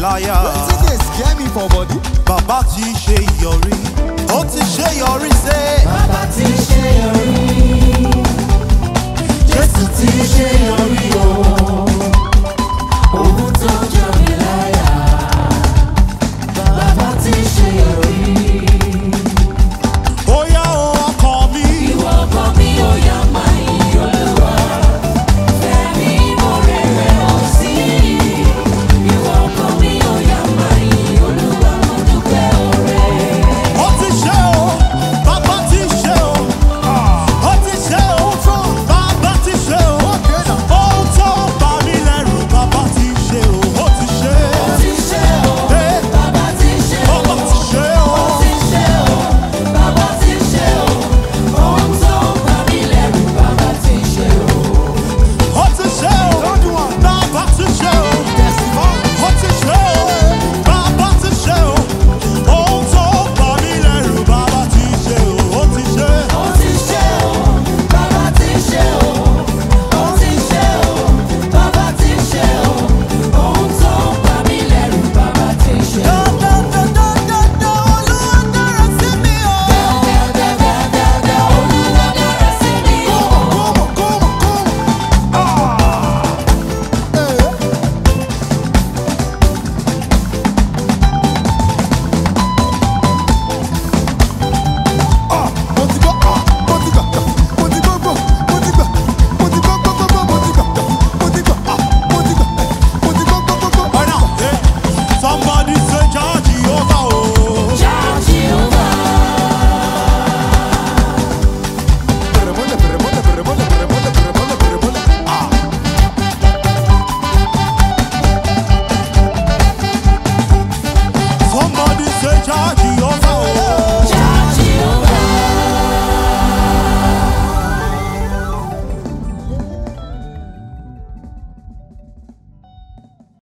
liar. wetin dey scare me for body. bàbá ti ṣe ìyọrí ó ti ṣe ìyọrí ṣe. bàbá ti ṣe ìyọrí jésù ti ṣe ìyọrí o òun tó